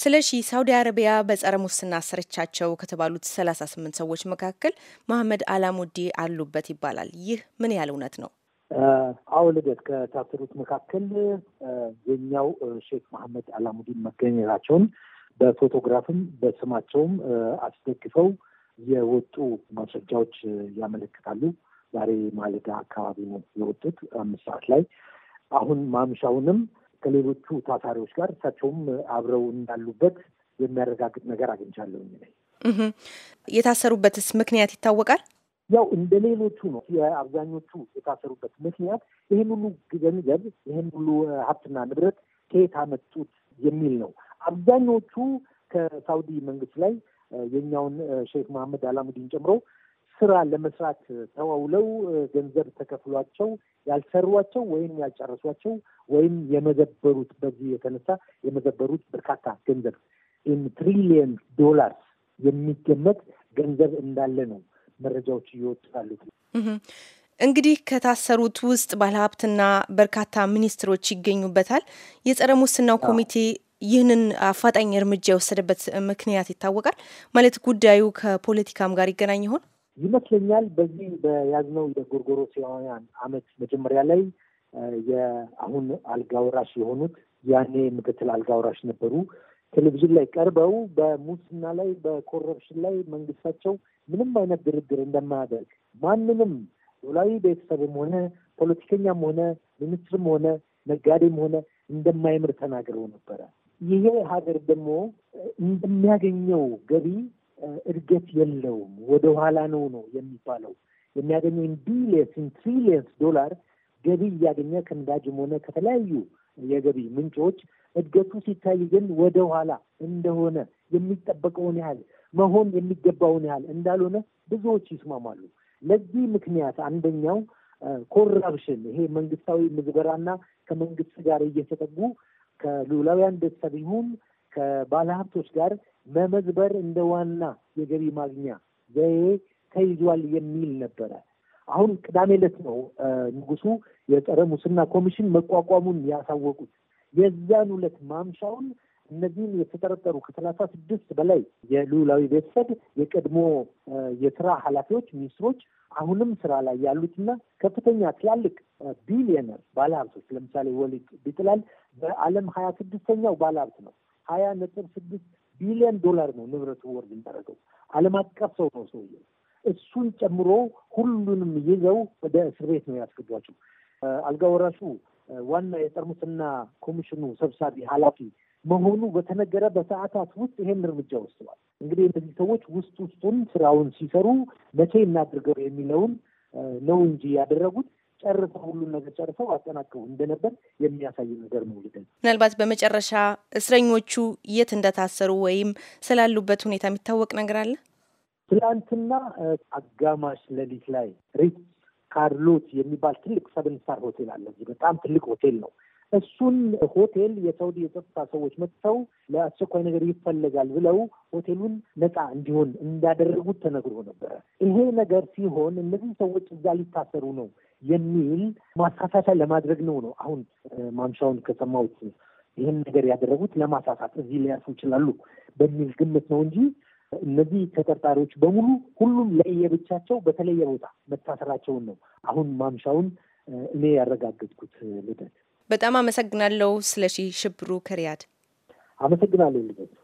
ስለሺ ሳውዲ አረቢያ በጸረ ሙስና ስርቻቸው ከተባሉት 38 ሰዎች መካከል መሐመድ አላሙዲ አሉበት ይባላል። ይህ ምን ያህል እውነት ነው? አዎ ልደት፣ ከታሰሩት መካከል የኛው ሼክ መሐመድ አላሙዲ መገኘታቸውን በፎቶግራፍም በስማቸውም አስደግፈው የወጡ ማስረጃዎች ያመለክታሉ። ዛሬ ማለዳ አካባቢ ነው የወጡት አምስት ሰዓት ላይ አሁን ማምሻውንም ከሌሎቹ ታሳሪዎች ጋር እሳቸውም አብረው እንዳሉበት የሚያረጋግጥ ነገር አግኝቻለሁ። የታሰሩበትስ ምክንያት ይታወቃል? ያው እንደ ሌሎቹ ነው። የአብዛኞቹ የታሰሩበት ምክንያት ይህን ሁሉ ገንዘብ ይህን ሁሉ ሀብትና ንብረት ከየት አመጡት የሚል ነው። አብዛኞቹ ከሳውዲ መንግስት ላይ የኛውን ሼክ መሐመድ አላሙዲን ጨምሮ ስራ ለመስራት ተዋውለው ገንዘብ ተከፍሏቸው ያልሰሯቸው ወይም ያልጨረሷቸው ወይም የመዘበሩት በዚህ የተነሳ የመዘበሩት በርካታ ገንዘብ ትሪሊየን ዶላርስ የሚገመት ገንዘብ እንዳለ ነው መረጃዎች እየወጡ ያሉት። እንግዲህ ከታሰሩት ውስጥ ባለሀብትና በርካታ ሚኒስትሮች ይገኙበታል። የጸረ ሙስናው ኮሚቴ ይህንን አፋጣኝ እርምጃ የወሰደበት ምክንያት ይታወቃል። ማለት ጉዳዩ ከፖለቲካም ጋር ይገናኝ ይሆን? ይመስለኛል በዚህ በያዝነው የጎርጎሮሳውያን አመት መጀመሪያ ላይ የአሁን አልጋ የሆኑት ያኔ ምክትል አልጋውራሽ ነበሩ። ቴሌቪዥን ላይ ቀርበው በሙስና ላይ በኮረፕሽን ላይ መንግስታቸው ምንም አይነት ድርድር እንደማያደርግ ማንንም ዶላዊ ቤተሰብም ሆነ ፖለቲከኛም ሆነ ሚኒስትርም ሆነ ነጋዴም ሆነ እንደማይምር ተናግረው ነበረ። ይሄ ሀገር ደግሞ እንደሚያገኘው ገቢ እድገት የለውም፣ ወደኋላ ነው ነው የሚባለው። የሚያገኘውን ቢሊየንስ ትሪሊየንስ ዶላር ገቢ እያገኘ ከነዳጅም ሆነ ከተለያዩ የገቢ ምንጮች እድገቱ ሲታይ ግን ወደኋላ እንደሆነ የሚጠበቀውን ያህል መሆን የሚገባውን ያህል እንዳልሆነ ብዙዎች ይስማማሉ። ለዚህ ምክንያት አንደኛው ኮራፕሽን፣ ይሄ መንግስታዊ ምዝበራና ከመንግስት ጋር እየተጠጉ ከሉላውያን ቤተሰብ ይሁን ከባለሀብቶች ጋር መመዝበር እንደ ዋና የገቢ ማግኛ ዘዬ ተይዟል የሚል ነበረ። አሁን ቅዳሜ ዕለት ነው ንጉሱ የጸረ ሙስና ኮሚሽን መቋቋሙን ያሳወቁት። የዛን ዕለት ማምሻውን እነዚህም የተጠረጠሩ ከሰላሳ ስድስት በላይ የልዑላዊ ቤተሰብ የቀድሞ የስራ ኃላፊዎች ሚኒስትሮች፣ አሁንም ስራ ላይ ያሉትና ከፍተኛ ትላልቅ ቢሊየነር ባለሀብቶች ለምሳሌ ወሊድ ቢጥላል በዓለም ሀያ ስድስተኛው ባለሀብት ነው። ሀያ ነጥብ ስድስት ቢሊዮን ዶላር ነው ንብረቱ ወርድ የሚደረገው። ዓለም አቀፍ ሰው ነው ሰውዬው። እሱን ጨምሮ ሁሉንም ይዘው ወደ እስር ቤት ነው ያስገቧቸው። አልጋ ወራሹ ዋና የጠርሙስና ኮሚሽኑ ሰብሳቢ ኃላፊ መሆኑ በተነገረ በሰዓታት ውስጥ ይሄን እርምጃ ወስደዋል። እንግዲህ እነዚህ ሰዎች ውስጥ ውስጡን ስራውን ሲሰሩ መቼ እናድርገው የሚለውን ነው እንጂ ያደረጉት ጨርሰው ሁሉን ነገር ጨርሰው አጠናቀው እንደነበር የሚያሳይ ነገር ነው። ልደ ምናልባት በመጨረሻ እስረኞቹ የት እንደታሰሩ ወይም ስላሉበት ሁኔታ የሚታወቅ ነገር አለ። ትላንትና አጋማሽ ሌሊት ላይ ሪት ካርሎት የሚባል ትልቅ ሰብን ስታር ሆቴል አለ። እዚህ በጣም ትልቅ ሆቴል ነው። እሱን ሆቴል የሳውዲ የጸጥታ ሰዎች መጥተው ለአስቸኳይ ነገር ይፈለጋል ብለው ሆቴሉን ነፃ እንዲሆን እንዳደረጉት ተነግሮ ነበረ። ይሄ ነገር ሲሆን እነዚህ ሰዎች እዛ ሊታሰሩ ነው የሚል ማሳሳት ለማድረግ ነው ነው አሁን ማምሻውን ከሰማሁት ይህን ነገር ያደረጉት ለማሳሳት እዚህ ሊያርፉ ይችላሉ በሚል ግምት ነው እንጂ እነዚህ ተጠርጣሪዎች በሙሉ ሁሉም ለየብቻቸው በተለየ ቦታ መታሰራቸውን ነው አሁን ማምሻውን እኔ ያረጋገጥኩት። ልደት፣ በጣም አመሰግናለሁ። ስለሺ ሽብሩ ከሪያድ አመሰግናለሁ ልደት።